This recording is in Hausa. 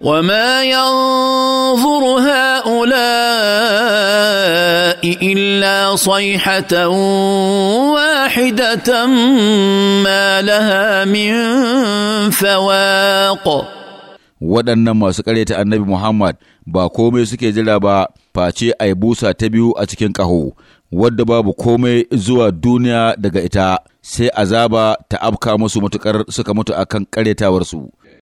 وما ينظر هؤلاء الا صيحه واحده ما لها من فواق waɗannan masu ƙareta annabi Muhammad ba komai suke jira ba face ai busa ta biyu a cikin ƙaho wadda babu komai zuwa duniya daga ita sai azaba ta afka musu matuƙar suka mutu akan ƙaretawarsu